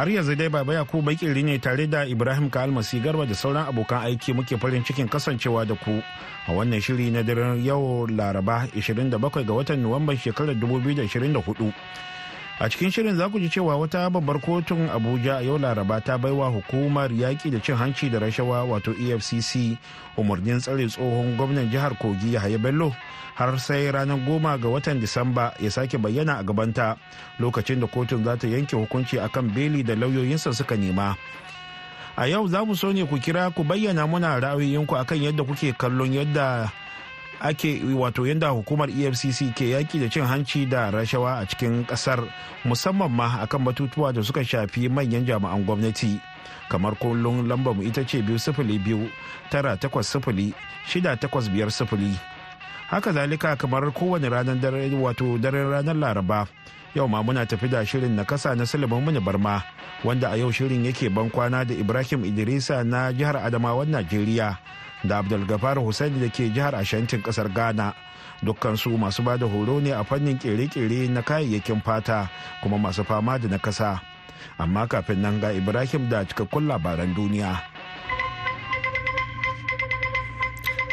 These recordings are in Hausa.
har yanzu dai baba ku bakiri ne tare da ibrahim kalmasi garba da sauran abokan aiki muke farin cikin kasancewa da ku a wannan shiri na daren yau laraba 27 ga watan nuwamban shekarar 2024 a cikin shirin za ku ji cewa wata babbar kotun abuja a yau laraba ta baiwa hukumar yaƙi da cin hanci da rashawa wato efcc umarnin tsare tsohon gwamnan jihar kogi yahaya bello har sai ranar goma ga watan disamba ya sake bayyana a gabanta lokacin da kotun za ta yanke hukunci akan beli da lauyoyinsa suka nema a yau za mu so ne ku kira ku bayyana muna ra'ayoyinku akan yadda kuke kallon yadda ake wato yadda hukumar efcc ke yaki da cin hanci da rashawa a cikin kasar musamman ma akan batutuwa da suka shafi manyan jami'an gwamnati kamar kullum lambar mu ita ce biyu sifili biyu tara takwas sifili shida takwas biyar sifili haka zalika kamar kowane ranar dare wato daren ranar laraba yau ma muna tafi da shirin na kasa na sulaiman muni barma wanda a yau shirin yake ban kwana da ibrahim idrisa na jihar adamawan najeriya da abdulgafar hussein da ke jihar ashantin kasar ghana dukkansu masu bada horo ne a fannin kere-kere na kayayyakin fata kuma masu fama da na nakasa amma kafin nan ga ibrahim da cikakkun labaran duniya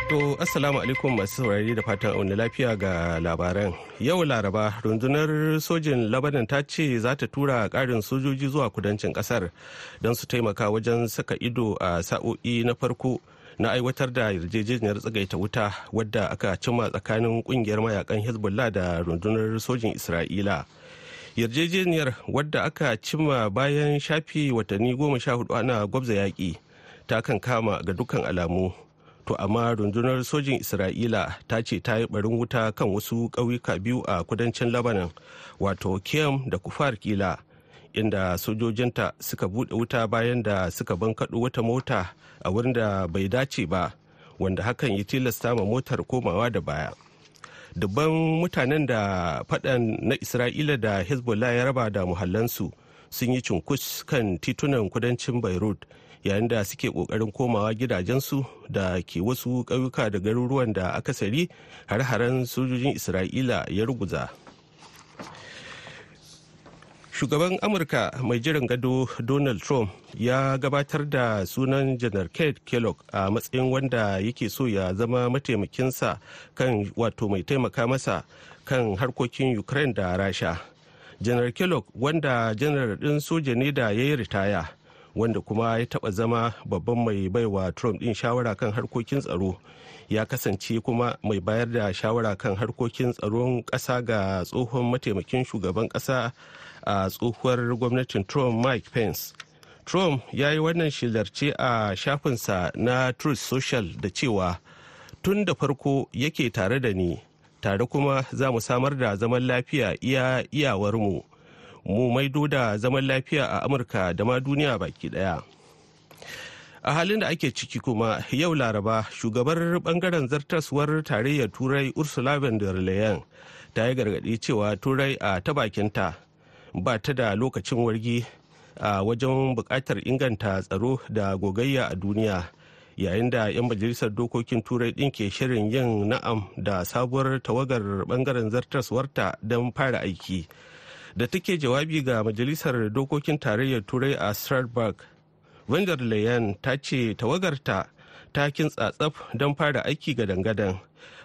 To, Assalamu alaikum masu saurari da fatan auna lafiya ga labaran. Yau Laraba, rundunar sojin Labanan ta ce za ta tura karin sojoji zuwa kudancin kasar don su taimaka wajen saka ido a sa'o'i na farko na aiwatar da yarjejeniyar tsagaita wuta wadda aka cima tsakanin kungiyar mayakan hezbollah da rundunar sojin isra'ila yarjejeniyar wadda aka cima bayan shafi watanni goma sha hudu ana gwabza yaƙi ta kan kama ga dukkan alamu to amma rundunar sojin isra'ila ta ce ta yi barin wuta kan wasu ƙauyuka biyu a kudancin labanan wato kem da kufar kila inda sojojinta suka buɗe wuta bayan da suka bankaɗo wata mota a wurin da bai dace ba wanda hakan ya tilasta ma motar komawa da baya dubban mutanen da faɗan na isra'ila da hezbollah ya raba da muhallansu sun yi cunkus kan titunan kudancin beirut yayin da suke kokarin komawa gidajensu da ke wasu ƙauyuka da garuruwan da akasari har-haren sojojin isra'ila ya ruguza. shugaban amurka mai jiran gado donald trump ya gabatar da sunan janar kate kellogg a matsayin wanda yake so ya zama mataimakinsa kan wato mai taimaka masa kan harkokin ukraine da rasha janar kellogg wanda janar ɗin soja ne da ya yi ritaya wanda kuma ya taba zama babban mai baiwa trump ɗin shawara kan harkokin tsaro ya kasance kuma mai bayar da shawara kan harkokin tsaron ƙasa ga tsohon mataimakin shugaban ƙasa a tsohuwar gwamnatin trump mike pence trump ya yi wannan shilarce a shafinsa na truth social da cewa tun da farko yake tare da ni tare kuma za mu samar da zaman lafiya iya iyawarmu mu maido da zaman lafiya a amurka da ma duniya baki daya a halin da ake ciki kuma yau laraba shugabar bangaren zartaswar tarayyar turai ursula von der leyen ta yi gargaɗi cewa turai a ta bakinta ba ta da lokacin wargi a wajen buƙatar inganta tsaro da gogayya a duniya yayin da 'yan majalisar dokokin turai ɗin ke shirin yin na'am da sabuwar tawagar bangaren zartaswarta don fara aiki da take jawabi ga majalisar dokokin tarayyar turai a strasbourg van leyen ta ce tawagarta ta tsatsaf don fara aiki ga dangadan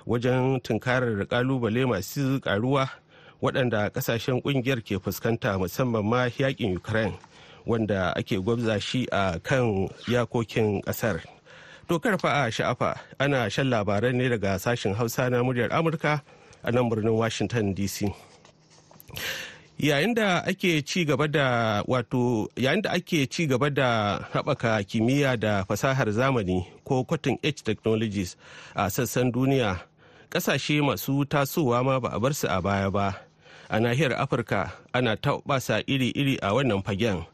wajen tunkarar kalubale masu karuwa waɗanda ƙasashen ƙungiyar ke fuskanta musamman ma yaƙin ukraine wanda ake gwabza shi a kan yakokin ƙasar to karfa a sha'afa ana shan labaran ne daga sashen hausa na muryar amurka a nan birnin washington dc yayin da ake ci gaba da haɓaka kimiyya da fasahar zamani ko cotton edge technologies a sassan duniya ƙasashe masu tasowa ma ba a bar su a baya ba a nahiyar afirka ana taɓasa iri-iri a wannan fagen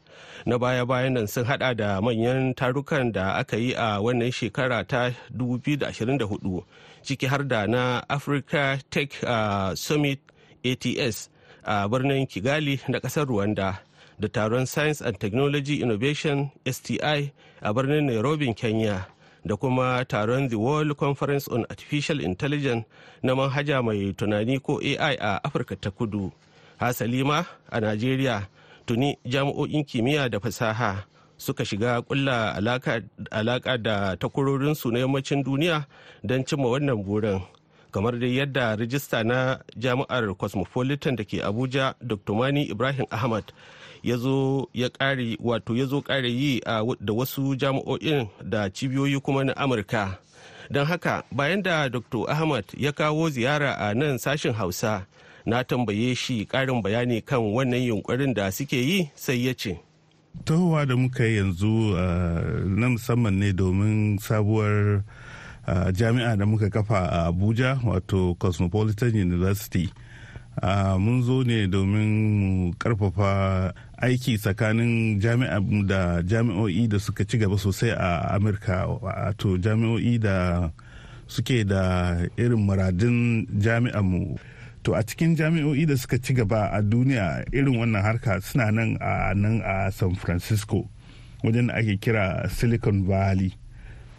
na baya-bayan nan sun hada da manyan tarukan da aka yi a wannan shekara ta 2024 ciki har da na africa tech uh, summit ats a birnin kigali na kasar rwanda da taron science and technology innovation sti a birnin nairobi kenya da kuma taron the world conference on artificial intelligence na manhaja mai tunani ko ai a afirka ta kudu hasali ma a najeriya tuni jami'o'in kimiyya da fasaha suka shiga kulla alaka da takwarorinsu na yammacin duniya don cimma wannan burin kamar da yadda rijista na jami'ar cosmopolitan da ke abuja dr mani ibrahim ahmad ya zo ya kare yi da wasu jami'o'in da cibiyoyi kuma na amurka don haka bayan da dr ahmad ya kawo ziyara a nan sashen hausa na tambaye shi ƙarin bayani kan wannan yunkurin da suke yi sai ya ce tahowa da muka yi yanzu na musamman ne domin sabuwar jami'a da muka kafa a abuja wato cosmopolitan university mun zo ne domin mu karfafa aiki tsakanin jami'a da jami'o'i da suka ci gaba sosai a amurka wato jami'o'i da suke da irin muradin jami'anmu to a cikin jami'o'i da suka ci gaba a duniya irin wannan harka suna nan a nan a san francisco wajen da ake kira silicon valley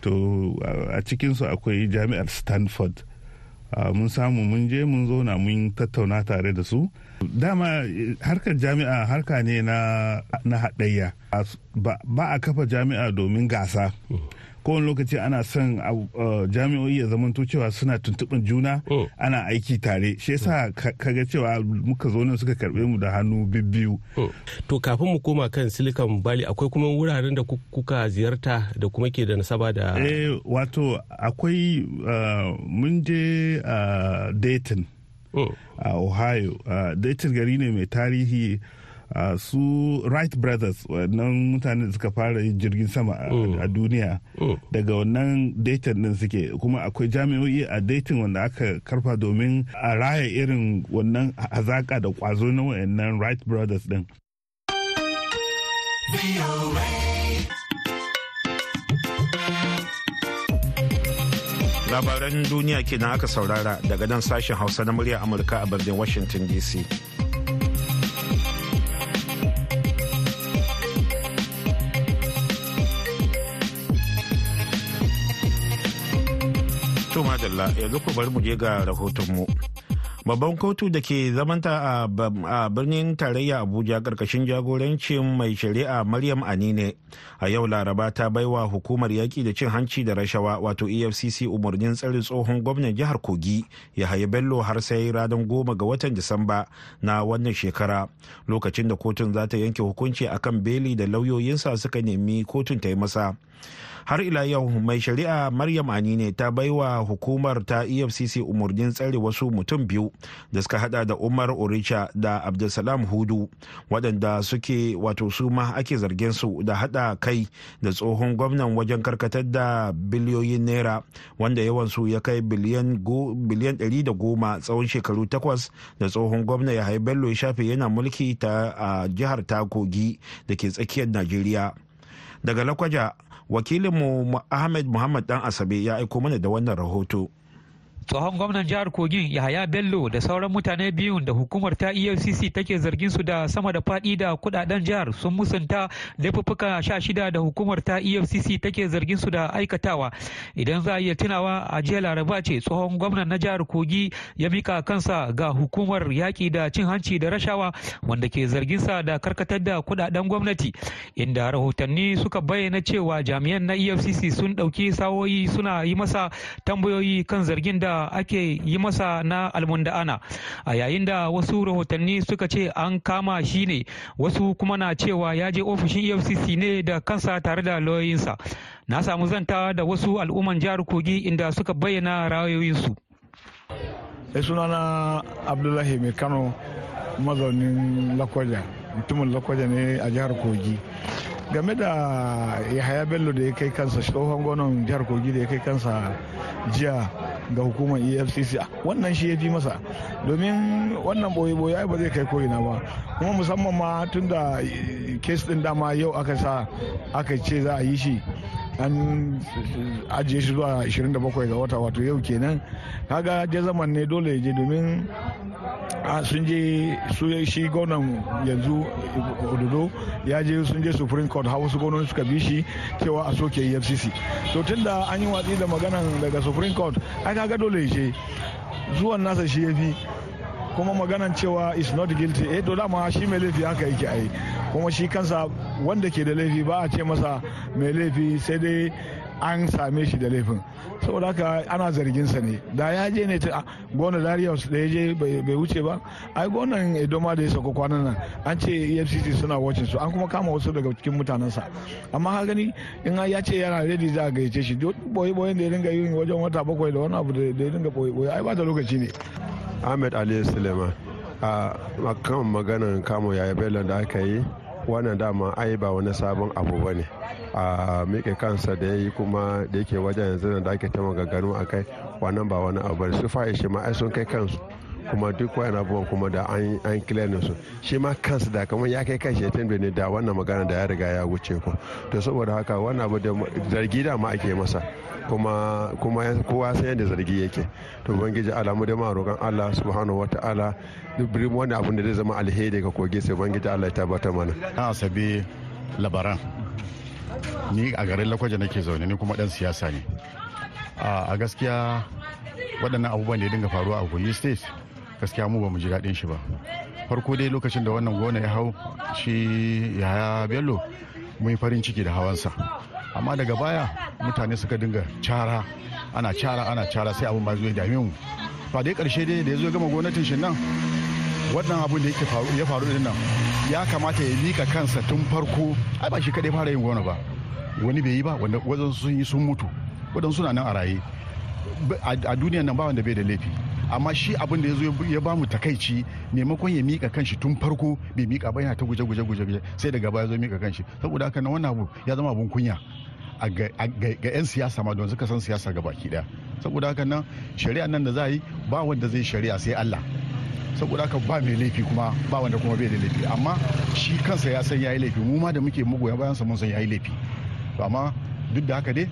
to a cikinsu akwai jami'ar stanford Ah, mun samu mun je mun zauna mun tattauna tare da su dama eh, harkar jami'a harka ne na haɗayya ba a kafa jami'a domin gasa kowane lokaci ana son uh, jami'o'i ya zamanto cewa suna tuntuɓin juna oh. ana aiki tare shi yasa kaga cewa muka zo nan suka karɓe mu da hannu bibbiyu oh. to kafin mu koma kan silikan bali akwai kuma wuraren da kuka ziyarta da kuma ke da nasaba da eh wato akwai uh, mun je uh, dayton oh. a ohio dayton gari ne mai tarihi su Wright brothers wannan mutane da suka fara yin jirgin sama a mm. duniya mm. daga wannan dayton din suke kuma akwai jami'o'i a dayton wanda aka karfa domin a raya irin wannan hazaka da kwazo na wayannan Wright brothers din. Labaran duniya kenan aka saurara daga nan sashen Hausa na murya Amurka a birnin Washington DC. To madalla yanzu ku bari mu je ga rahotonmu. Babban kotu da ke zamanta a birnin tarayya Abuja karkashin jagorancin mai shari'a Maryam Anine a yau Laraba ta baiwa hukumar yaƙi da cin hanci da rashawa wato EFCC umarnin tsarin tsohon gwamnan jihar Kogi Yahaya Bello har sai ranar goma ga watan Disamba na wannan shekara lokacin da kotun za ta yanke hukunci akan beli da lauyoyinsa suka nemi kotun ta yi masa. har ila yau mai shari'a maryam anine ta baiwa hukumar ta efcc umarnin tsare wasu mutum biyu da suka hada da umar orisha da abdulsalam hudu waɗanda suke wato su ma ake zargin su da hada kai da tsohon gwamnan wajen karkatar da biliyoyin naira wanda yawan su ya kai biliyan ɗari da goma tsawon shekaru takwas da tsohon gwamna ya bello ya shafe yana mulki ta a jihar ta kogi da ke tsakiyar najeriya daga lakwaja wakilinmu ahmed muhammad dan asabe ya aiko mana da wannan rahoto tsohon gwamnan jihar kogin yahaya bello da sauran mutane biyun da hukumar ta efcc take zargin su da sama da fadi da kudaden jihar sun musanta laifuffuka sha shida da hukumar ta efcc take zargin su da aikatawa idan za a iya tunawa a jiya laraba ce tsohon gwamnan na jihar kogi ya mika kansa ga hukumar yaki da cin hanci da rashawa wanda ke zargin sa da karkatar da kudaden gwamnati inda rahotanni suka bayyana cewa jami'an na efcc sun ɗauki sawoyi suna yi masa tambayoyi kan zargin da da ake yi masa na almunda'ana a yayin da wasu rahotanni suka ce an kama shi ne wasu kuma na cewa ya je ofishin efcc ne da kansa tare da lauyoyinsa na samu zanta da wasu al'umman jihar kogi inda suka bayyana rayoyinsu ya eh, sunana abdullahi mai kano mazaunin lakwaja mutumin lakwaja ne a jihar kogi game da yahaya bello da ya kai kansa tsohon gwanon jihar kogi da ya kai kansa jiya ga hukumar efcc wannan shi ya fi masa domin wannan boye-boye ai ba zai kai ina ba kuma musamman ma tun da kes din dama yau aka sa aka ce za a yi shi an ajiye shi zuwa 27 ga wata wato yau kenan kaga je zaman ne dole je domin a sun je su shi gwamnan yanzu ododo ya je sun je supreme court hawa su gwamnati suka bi shi cewa a soke efcc to da an yi watsi da maganan daga supreme court ai kaga dole je zuwan nasa shi ya fi kuma maganan cewa is not guilty eh to dama shi mai laifi haka yake ai kuma shi kansa wanda ke da laifi ba a ce masa mai laifi sai dai an same shi da laifin saboda haka ana zargin sa ne da ya je ne ta ah, gona Darius da ya je bai wuce ba ai gonan Edoma da ya sauka kwanan nan an ce EFCC suna watching su an kuma kama wasu daga cikin mutanen sa amma ha gani in ya ce yana ready za a gayyace shi boye boyen da ya dinga yin wajen wata bakwai da wani abu da ya dinga boye boye ai ba da lokaci ne Ahmed Ali Suleiman a kan maganar kamo yaya Bello da aka yi wannan dama ai ba wani sabon abu ba ne a miƙe kansa da ya yi kuma da yake wajen yanzu da ake ta maganganu a kai wannan ba wani abu ba su fa'ishi ma ai sun kai kansu kuma duk wayan abubuwan kuma da an kilanin su shi ma kansu da kamar ya kai kan shi ya ne da wannan magana da ya riga ya wuce ku to saboda haka wannan abu da zargi da ma ake masa kuma kuma kowa san yadda zargi yake to bangiji alamu da ma roƙon Allah subhanahu wataala duk wani abu da zai zama alheri ga kogi sai bangiji Allah ya tabbatar mana asabi labaran ni a garin lakwaje nake zaune ni kuma dan siyasa ne a gaskiya waɗannan abubuwan da ya dinga faruwa a kogi state gaskiya mu ba mu ji daɗin shi ba farko dai lokacin da wannan gona ya hau shi yaya bello mun yi farin ciki da hawansa amma daga baya mutane suka dinga cara ana cara ana cara sai abin ba zai dame mu ba dai karshe dai da ya zo gama gwamnatin shi nan wannan abin da yake ya faru din nan ya kamata ya mika kansa tun farko ai ba shi kadai fara yin gona ba wani bai yi ba wanda sun yi sun mutu wadansu suna nan a raye a duniyan nan ba wanda bai da laifi amma shi abin da ya zo ya bamu takaici maimakon ya mika kanshi tun farko bai mika ba yana ta guje guje guje sai daga baya zo mika kanshi saboda haka na wannan abu ya zama abun kunya ga 'yan siyasa ma don suka san siyasa ga baki daya saboda haka nan shari'a nan da za yi ba wanda zai shari'a sai Allah saboda haka ba mai laifi kuma ba wanda kuma bai da laifi amma shi kansa ya san yayi laifi mu ma da muke magoya bayan sa mun san yayi laifi amma duk da haka dai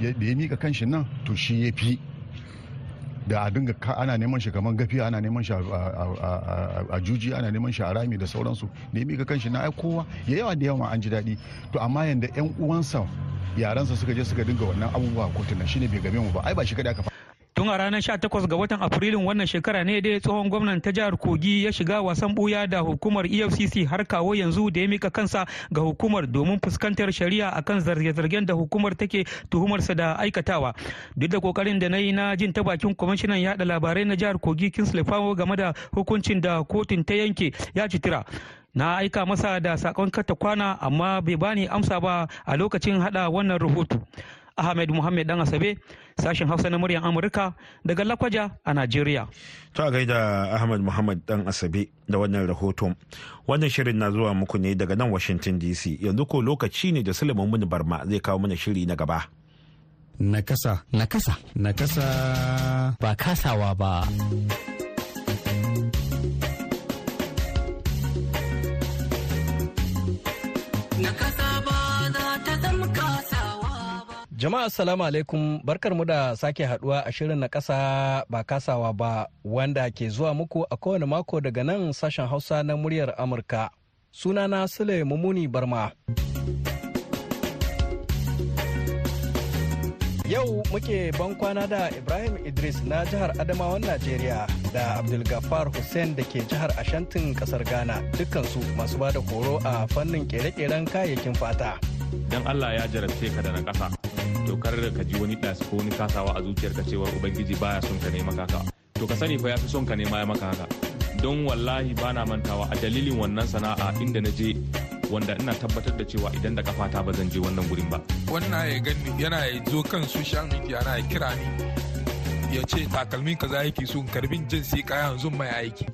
da ya mika kanshi nan to shi ya fi da a dinga ana neman shi kamar gafiya ana neman shi a juji ana neman shi a rami da sauransu nemi ya kanshi na ai kowa ya yawa da yawa an ji daɗi to amma yanda yan uwansa yaransa suka je suka dinga wannan abubuwa kotuna shine bai game mu ba ai ba shi kada ka tun a ranar 18 ga watan afrilun wannan shekara ne dai tsohon gwamnan ta jihar kogi ya shiga wasan buya da hukumar efcc har kawo yanzu da ya mika kansa ga hukumar domin fuskantar shari'a akan zarge-zargen da hukumar take tuhumarsa da aikatawa duk da kokarin da na yi na jin ta bakin kwamishinan yada labarai na jihar kogi kingsley famo game da hukuncin da kotun ta yanke ya citira na aika masa da sakon kata kwana amma bai bani amsa ba a lokacin hada wannan rahoto Ahmed Muhammad Dan Asabe sashen Hausa na muryar Amurka daga Lakwaja a Najeriya. To a gaida Ahmed Muhammad Dan Asabe da wannan rahoto Wannan shirin na zuwa muku ne daga nan Washington DC. Yanzu ko lokaci ne da Suleiman Muni Barma zai kawo mana shiri na gaba. Nakasa. Nakasa. Nakasa. Ba kasawa ba. Jama'a assalamu alaikum barkar mu da sake haduwa a shirin na kasa ba kasawa ba wanda ke zuwa muku a kowane mako daga nan sashen Hausa na muryar Amurka. Sunana Sule Mumuni Barma. Yau muke bankwana da Ibrahim Idris na jihar Adamawan Najeriya da Abdulgafar Hussein da ke jihar Ashantin kasar Ghana dukkansu masu bada horo a fannin kere-keren kayayyakin fata. Don Allah ya jarabce ka da na ƙasa. dokar da ka ji wani ɗas ko wani kasawa a zuciyarka cewa ubangiji baya son ka nema haka to ka sani fa ya fi son ka nema ya maka haka don wallahi ba na mantawa a dalilin wannan sana'a inda na je wanda ina tabbatar da cewa idan da kafata ba zan je wannan gurin ba wannan ya gani yana ya zo kan social media yana ya kira ni ya ce takalmin kaza yake so karbin jinsi sai kaya yanzu mai aiki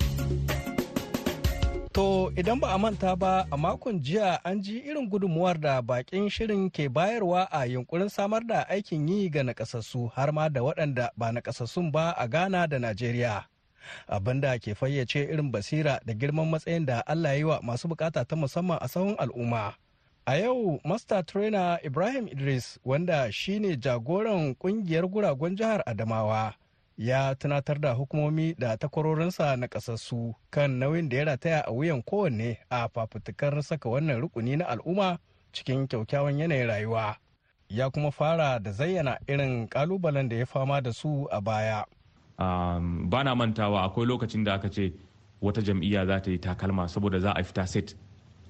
To idan ba a manta ba a makon jiya an ji irin gudunmuwar da bakin shirin ke bayarwa a yunkurin samar da aikin yi ga nakasassu har ma da waɗanda ba nakasassun ba a Ghana da Najeriya. Abin da ke fayyace irin basira da girman matsayin da Allah yi wa masu bukata ta musamman a sahun al'umma. A yau Master Trainer Ibrahim Idris wanda shine jagoran ƙungiyar guragun jihar Adamawa. ya tunatar da hukumomi da takwarorinsa na kasassu kan nauyin da ya rataya a wuyan kowanne a fafutukar saka wannan rukuni na al'umma cikin kyaukyawan yanayin rayuwa ya kuma fara da zayyana irin kalubalen da ya fama da su a baya um, ba na mantawa akwai lokacin da aka ce wata jam'iyya za ta yi takalma saboda za a fita set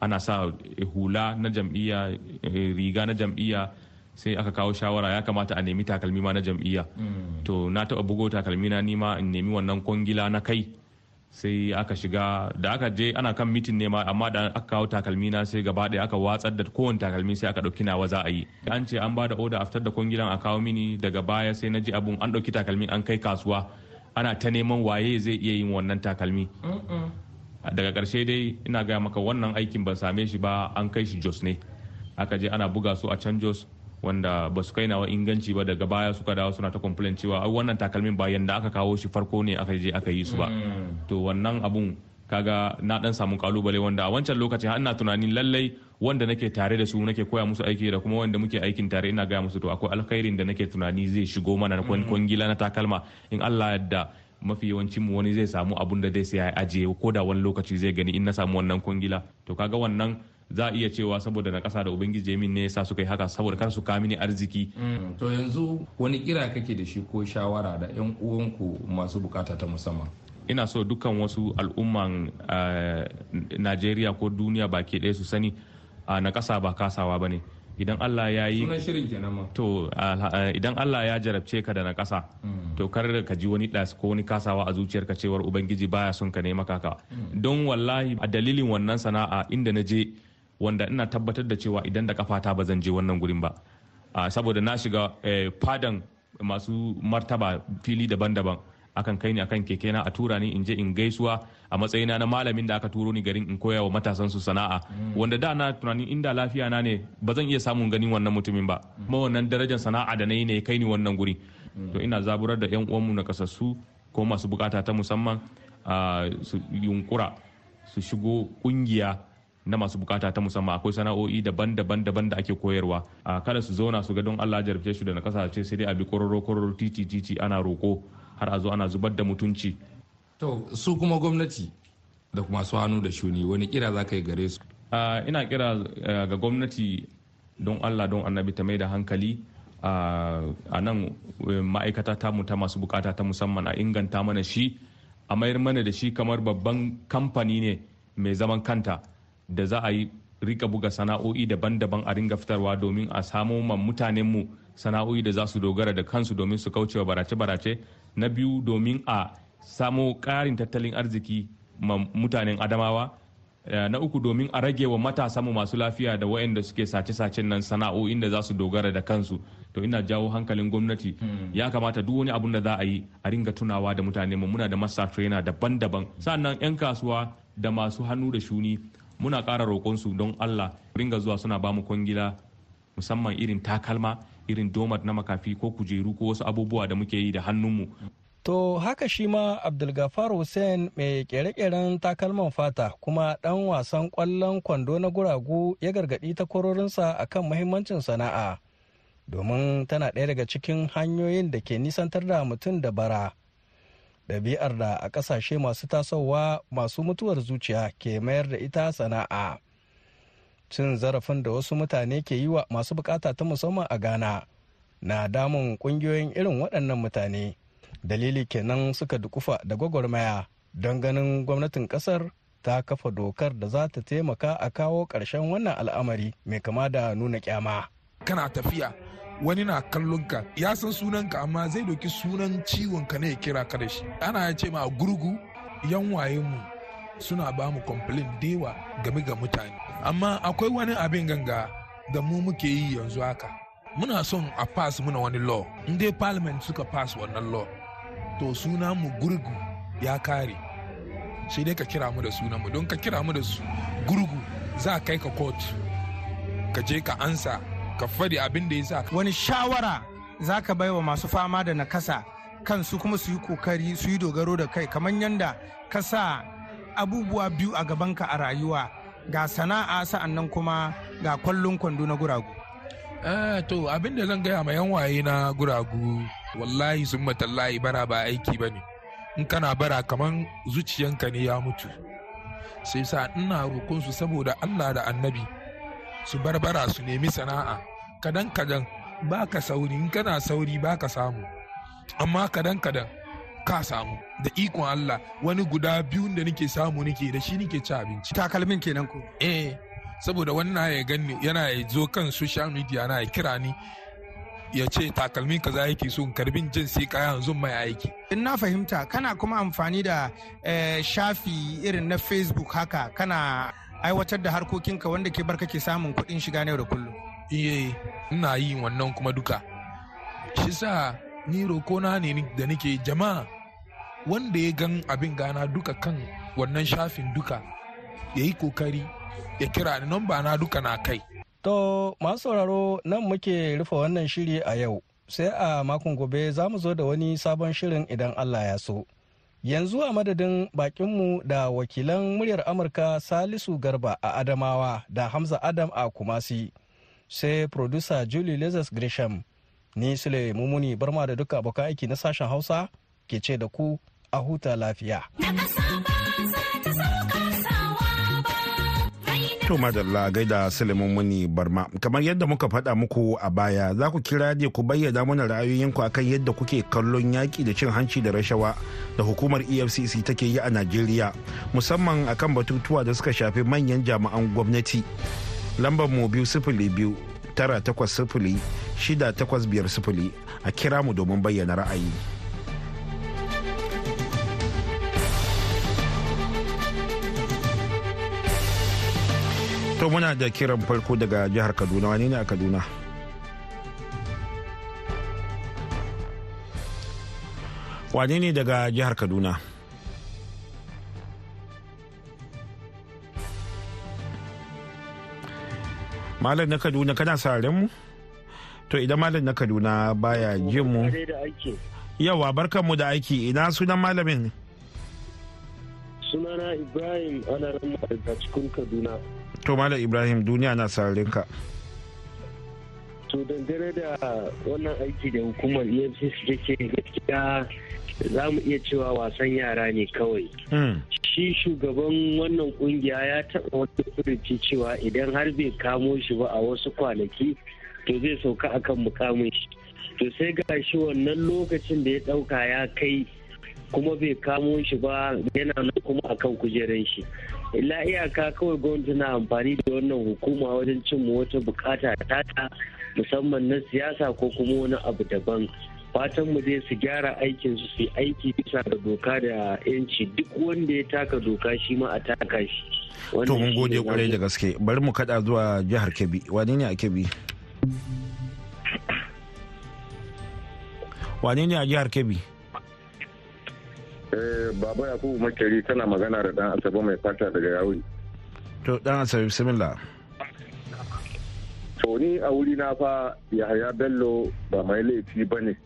ana sa hula na jam'iyya eh, riga na jam'iyya sai aka kawo shawara ya kamata a nemi takalmi ma na jam'iyya mm. to na taɓa bugo takalmi na nima in nemi wannan kwangila na kai sai aka shiga da aka je ana kan mitin ne ma amma da aka kawo takalmi na sai gaba ɗaya aka watsar da kowane takalmi sai aka ɗauki nawa za a yi an ce an bada da oda aftar da kwangilan a kawo mini daga baya sai na ji abun an ɗauki takalmi an kai kasuwa ana ta neman waye zai iya yin wannan takalmi daga karshe dai ina gaya maka wannan aikin ban same shi ba an kai shi jos ne aka je ana buga su a can jos wanda ba su kai nawa inganci ba daga baya suka dawo suna ta complain cewa wannan takalmin ba yanda aka kawo shi farko ne aka je aka yi su ba mm. to wannan abun kaga na dan samu kalubale wanda a wancan lokacin har ina tunanin lallai wanda nake tare da su nake koya musu aiki da kuma wanda muke aikin tare ina gaya musu to akwai alkhairin da nake tunani zai shigo mana na mm. kwangila na takalma in Allah yadda mafi yawancin mu wani zai samu abun da zai sai ya ajiye ko da wani lokaci zai gani in na samu wannan kwangila to kaga wannan za a iya cewa saboda na kasa da ubangiji min ne sa suka yi haka saboda kar su kami arziki mm, to yanzu wani kira kake da shi ko shawara da yan uwanku masu bukata ta musamman ina so dukkan wasu al'umman eh, najeriya ko duniya baki ɗaya su sani ah, na kasa ba kasawa ba ne idan Allah ya yi to eh, idan Allah ya jarabce ka da na ƙasa mm. to kar ka ji wani ɗas ko wani kasawa a zuciyarka cewar ubangiji baya son ka nema kaka mm. don wallahi a dalilin wannan sana'a inda na je wanda ina tabbatar da cewa idan da kafata ba zan je wannan gurin ba ah, saboda na shiga eh, fadan masu martaba fili daban-daban akan kai ni akan keke na a tura ni in je in gaisuwa a matsayina na malamin da aka turo ni garin in koya wa matasan su sana'a mm. wanda da na tunanin inda lafiya na ne ba zan iya samun ganin wannan mutumin ba mm. kuma wannan darajar sana'a da na yi ne kai ni wannan guri mm. to ina zaburar da yan uwanmu na kasassu ko masu bukata ta musamman ah, su yunkura su shigo kungiya na masu bukata ta musamman akwai sana'o'i daban-daban daban da ake koyarwa a kada su zauna su ga don Allah jarfe shi da na kasashe sai dai a bi kororo kororo titi titi ana roko har a zo ana zubar da mutunci to su kuma gwamnati da kuma su hannu da shuni wani kira za ka yi gare su ina kira eh, ga gwamnati don Allah don annabi ta mai da hankali a nan eh, ma'aikata tamu ta masu bukata ta musamman a inganta mana shi a mayar mana da shi kamar babban kamfani ne mai zaman kanta da za a yi rika buga sana'o'i daban-daban a ringa fitarwa domin a samo ma mutanenmu sana'o'i da za su dogara da kansu domin su kaucewa barace-barace na biyu domin a samo karin tattalin arziki ma mutanen adamawa eh, na uku domin a rage wa matasa masu lafiya da waɗanda suke sace-sacen nan sana'o'in da za su dogara da kansu to ina jawo hankalin gwamnati hmm. ya kamata duk wani abun da za a yi a ringa tunawa da mutane mu muna da masa trainer daban-daban sannan 'yan kasuwa da masu hannu da shuni muna ƙara roƙonsu don allah ringa zuwa suna ba mu kwangila musamman irin takalma irin domat na makafi ko kujeru ko wasu abubuwa da muke yi da hannunmu To haka shi ma Abdulgafar Hussein mai kere-keren takalman fata kuma ɗan wasan ƙwallon kwando na guragu ya gargaɗi takwarorinsa akan muhimmancin sana'a domin tana ɗaya daga cikin hanyoyin da ke nisantar da mutum da bara ɗabi'ar da a ƙasashe masu tasowa masu mutuwar zuciya ke mayar da ita sana'a cin zarafin da wasu mutane ke yi wa masu bukata ta musamman a ghana na damun ƙungiyoyin irin waɗannan mutane dalili kenan suka dukufa da gwagwarmaya don ganin gwamnatin ƙasar ta kafa dokar da za ta taimaka a kawo ƙarshen wannan al'amari mai kama da nuna kyama. kana tafiya wani na kallon ka ya san sunan ka amma zai doki sunan ciwon ka ne ya kira ka da shi ana ya ce ma gurgu yan waye mu suna ba mu complain dewa game ga mutane amma akwai wani abin ganga da mu muke yi yanzu haka muna son a pass muna wani law in dai parliament suka pass wannan law to suna mu gurgu ya kare shi dai ka kira mu da sunan mu don ka kira mu da gurgu za kai ka court ka je ka ansa ka fadi abin da ya sa wani shawara za ka bai wa masu fama da nakasa kan su kuma su yi kokari su yi dogaro da kai kamar yadda ka sa abubuwa biyu a gabanka a rayuwa ga sana'a sa'annan kuma ga kwallon kwando na guragu eh to abin da zan gaya ma yan waye na guragu wallahi sun matallahi bara ba aiki ba ne in kana bara kamar zuciyanka ne ya mutu sai sa ina roƙon saboda allah da annabi su barbara su nemi sana'a kadan kadan ba ka sauri in kana sauri ba ka samu amma kadan kadan ka samu da ikon Allah wani guda biyun da nake samu nake da shi nake ci abinci takalmin kenan ko eh saboda wannan ya gani yana ya zo kan social media na ya kira ni ya ce takalmin kaza yake so karbin jin sai kaya yanzu mai aiki in na fahimta kana kuma amfani da eh, shafi irin na facebook haka kana aiwatar da harkokinka wanda ke bar kake samun kuɗin shiga na yau da kullum iye ina yi wannan kuma duka shi sa ni rokona ne da nake jama'a wanda ya gan abin gana duka kan wannan shafin duka ya yi kokari ya kira ni namba na duka na kai to masu sauraro nan muke rufe wannan shiri a yau sai a makon gobe za mu zo da wani sabon shirin idan allah ya so yanzu a madadin bakinmu da wakilan muryar amurka salisu garba a adamawa da hamza adam a kumasi sai producer julie lezas gresham ni sule mumuni barma da duka abokan aiki na sashen hausa ke ce da ku a huta lafiya To madalla gaida Suleiman Muni Barma. Kamar yadda muka faɗa muku a baya za ku kira ne ku bayyana mana ra'ayoyinku akan yadda kuke kallon yaƙi da cin hanci da rashawa da hukumar EFCC take yi a Najeriya musamman akan batutuwa da suka shafi manyan jami'an gwamnati. lambar mu biyu sifili biyu tara takwas sifili shida takwas biyar sifili a kira mu domin bayyana ra'ayi. To muna da kiran farko daga jihar Kaduna wani ne a Kaduna? Wani ne daga jihar Kaduna? malam na kaduna kana sauraren mu to idan malam na kaduna baya jin mu yawa barkan mu da aiki ina sunan malamin sunana ibrahim ana ranar daga cikin kaduna to malam ibrahim duniya na sauraren ka to dangane da wannan aiki da hukumar efcc ke gaskiya za mu iya cewa wasan yara ne kawai hmm. shi shugaban wannan kungiya ya taɓa wani furuci cewa idan har bai kamo shi ba a wasu kwanaki to zai sauka akan mukamin shi to sai ga shi wannan lokacin da ya ɗauka ya kai kuma bai kamo shi ba yana nan kuma akan kujerar shi illa iyaka kawai gwamnati na amfani da wannan hukuma wajen cin wata bukata ta musamman na siyasa ko kuma wani abu daban fatan mu dai su gyara aikin su su aiki bisa da doka da yanci duk wanda ya taka doka shi ma a taka shi to mun gode kwarai da gaske bari mu kada zuwa jihar Kebbi wane ne a Kebbi wane ne a jihar Kebbi eh baba Yakubu Makeri tana magana da dan Asabe mai fata daga Yauri to dan Asabe bismillah to ni a wuri na fa Yahaya Bello ba mai laifi bane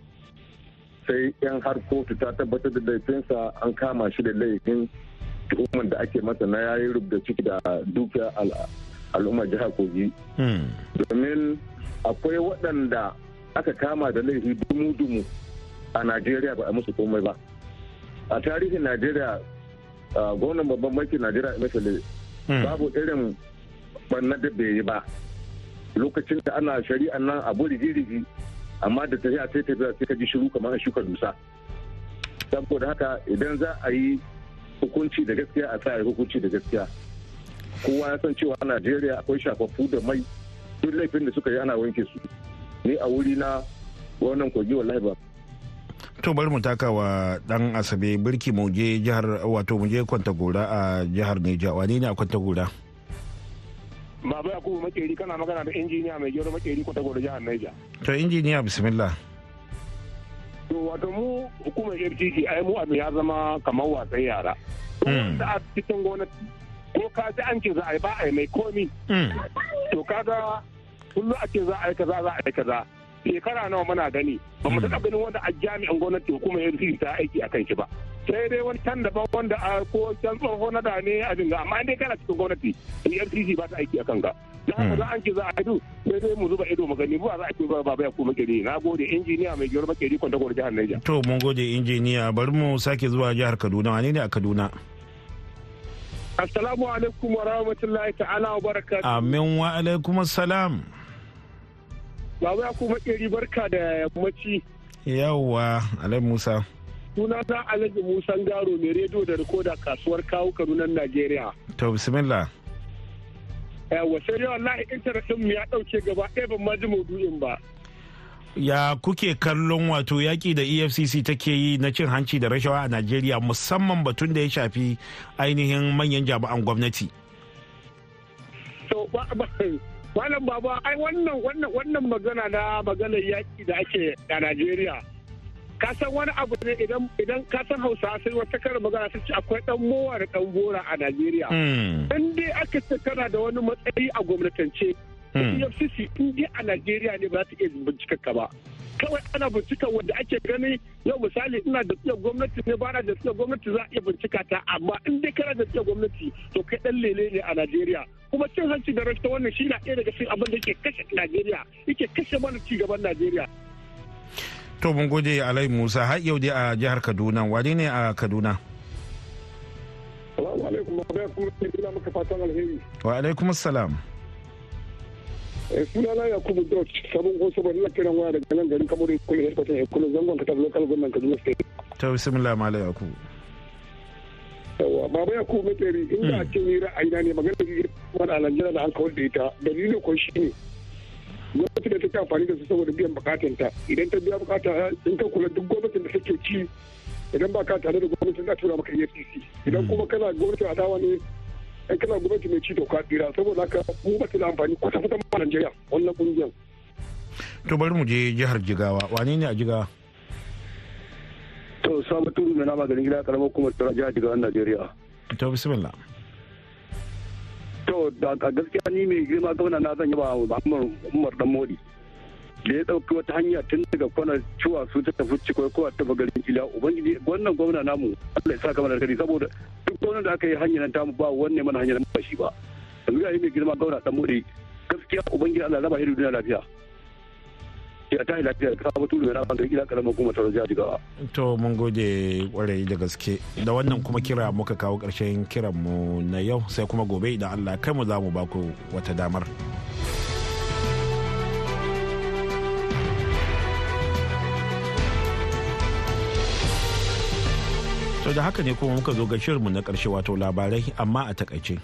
sai yan har kotu ta tabbatar da laifinsa an kama shi da laifin tuhumar da ake masa na yayi rubda ciki da dukiya al'ummar jihar kogi hmm. domin akwai waɗanda aka kama da laifi dumu-dumu a najeriya ba a musu komai ba a tarihin najeriya gwamnan babban bankin najeriya misali hmm. babu irin barnar da bai yi ba lokacin da ana shari'a nan a rigi-rigi amma da a sai tafiya sai ka ji shiru kamar a shuka dusa saboda haka idan za a yi hukunci da gaskiya a tsaya hukunci da gaskiya kowa ya san cewa a najeriya akwai shafaffu da mai duk laifin da suka yi ana wanke su ni a wuri na wannan kogi wallahi ba to bari mu taka wa dan asabe birki mu je jihar wato mu je gora a jihar neja wani ne a gora. Baba Yakubu Makeri kana magana da injiniya mai gero Makeri Kwatagoro jihar Niger. To injiniya bismillah. To wato mu hukumar FCC ai mu abu ya zama kamar wasan yara. Da hmm. a cikin gwamnati ko ka ji an ce za a yi ba a yi mai komi. Hmm. To kaga kullum a ce za a yi kaza za a yi kaza. shekara nawa muna gani ba mu hmm. taɓa ganin wanda a jami'an gwamnati hukumar NC ta aiki a kan shi ba sai dai wani can daban wanda a ko can tsoho na da ne a dinga amma dai kana cikin gwamnati NCC ba ta aiki a kan ka da haka za hmm. an za a yi sai dai mu zuba ido mu gani ba za a ce ba ba ya kuma kiri na gode injiniya mai gero ke kwanta gode jihar Niger to mun gode injiniya bari mu sake zuwa jihar Kaduna wane ne a Kaduna Assalamu alaikum wa rahmatullahi ta'ala wa barakatuh Amin wa alaikum assalam Baba ya kuma iri barka da yammaci. Yawwa, Alai Musa. Suna na Alhaji Musa Garo mai rediyo da rikoda kasuwar kawo Kanunan Najeriya. To, bismillah. Yawwa, sai dai wallahi mu ya ɗauke gaba ɗaya ban maji maudu'in ba. Ya kuke kallon wato yaƙi da EFCC take yi na cin hanci da rashawa a Najeriya musamman batun da ya shafi ainihin manyan jami'an gwamnati. Malam Baba, ai wannan wannan wannan magana na maganar yaƙi da ake a Najeriya. Ka san wani abu ne idan idan ka san Hausa sai wata kar magana ta ce akwai dan mowa da dan bora a Najeriya. Hmm. In dai aka ce kana da wani matsayi a gwamnatance, EFCC hmm. in dai a Najeriya ne ba za ta iya bincika ka ba. kawai ana bincika wanda ake gani yau misali ina da tsiyar gwamnati ne ba na da tsiyar gwamnati za a iya bincika ta amma in dai kana da tsiyar gwamnati to kai dan lele ne a Najeriya kuma cin hanci da rashin wannan shi na ɗaya daga cikin abin da yake kashe Najeriya yake kashe mana ci gaban Najeriya to mun gode alai musa har yau dai a jihar kaduna wani ne a kaduna wa alaikum salam Eh, sunana yakubu dot sabon goso bari na kiran waya daga nan garin kamar kuma ya kwata ya kula zangon ka tabbata kalgon nan kaduna state ta bismillah mala yakubu yawa baba yakubu mutari inda hmm. ake yi na ne magana da yi wani alanjira da an kawar da ita dalilin ko shi ne gwamnati da take amfani da su saboda biyan ta idan ta biya bukata in ka kula duk gwamnatin da take ci idan ba ka tare da gwamnatin za ta tura maka efcc idan hmm. kuma kana gwamnatin adawa ne in kana gwamnati mai ci to ka saboda haka mu ba da amfani kwata kwata ma Najeriya wannan kungiyar. To bari mu je jihar Jigawa wani ne a Jigawa? To sabu turu mai nama garin gida karamar kuma tsara jihar Jigawa Najeriya. To bismillah. To da gaskiya ni mai girma gwamna na zan yaba Muhammadu Umar Dan Modi. da ya ɗauki wata hanya tun daga kwanar cewa su ta tafi cikwai kowa ta tafi garin kila ubangiji wannan gwamna namu allah ya sa kamar alkari saboda duk gwamna da aka yi hanyar ta tamu ba wanne mana hanyar ba shi ba yanzu ga yi mai girma gwamna dan mudi gaskiya ubangiji allah raba hiru duniya lafiya ya ta yi lafiya ka samu tudu mai rafa da kila karamar kuma taron jiya jigawa. to mun gode kwarai da gaske da wannan kuma kira muka kawo karshen kiran mu na yau sai kuma gobe idan allah kai mu za mu ba ku wata damar. to da haka ne kuma muka zo ga shirinmu na karshe wato labarai amma a takaice.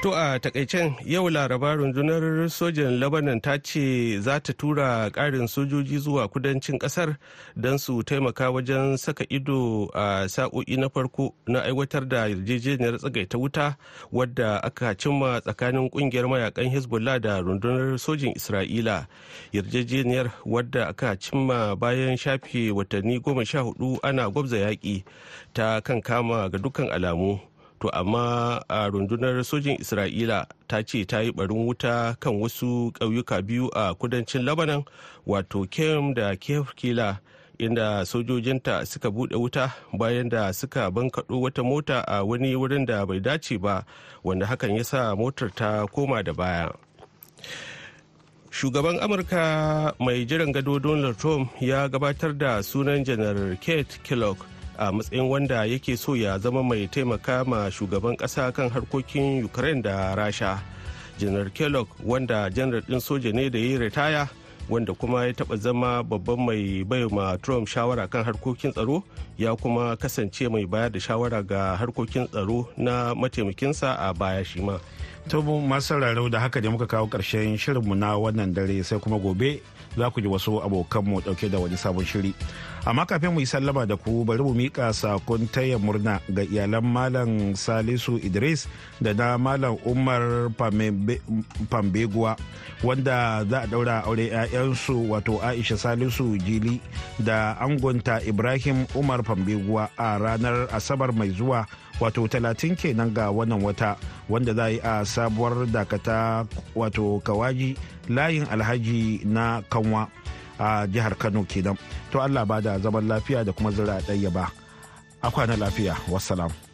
To a takaicen yau laraba rundunar sojan Lebanon ta ce za ta tura ƙarin sojoji zuwa kudancin ƙasar don su taimaka wajen saka ido a sa'o'i na farko na aiwatar da yarjejeniyar tsagaita wuta wadda aka cimma tsakanin ƙungiyar mayakan Hezbollah da rundunar sojin Isra'ila. Yarjejeniyar wadda aka cimma bayan shafe watanni goma sha hudu ana gwabza yaƙi ta kan kama ga dukkan alamu. to amma a rundunar sojin isra'ila ta ce ta yi barin wuta kan wasu ƙauyuka biyu a kudancin labanan wato kem da kefkila inda sojojinta suka buɗe wuta bayan da suka bankaɗo wata mota a wani wurin da bai dace ba wanda hakan ya sa motar ta koma da baya shugaban amurka mai jiran gado donald trump ya gabatar da sunan janar kate kellogg a matsayin wanda yake so ya zama mai taimaka ma shugaban kasa kan harkokin ukraine da rasha janar kellogg wanda janar din soja ne da ya yi ritaya wanda kuma ya taba zama babban mai bai trump shawara kan harkokin tsaro ya kuma kasance mai bayar da shawara ga harkokin tsaro na mataimakinsa a baya shi ma. masu rarau da haka da muka kawo ƙarshen shirinmu na wannan dare sai kuma gobe za ku ji wasu abokanmu dauke da wani sabon shiri amma kafin mu yi sallama da ku bari mu mika sakon taya murna ga iyalan malam salisu idris da na malam umar pambeguwa wanda za a daura aure 'ya'yansu wato aisha salisu jili da angonta ibrahim umar pambeguwa a ranar asabar mai zuwa wato 30 kenan ga wannan wata wanda za a yi a sabuwar dakata wato kawaji layin alhaji na kanwa a jihar kano kenan to allah ba da zaman lafiya da kuma zira ɗayya ba a kwana lafiya wassalam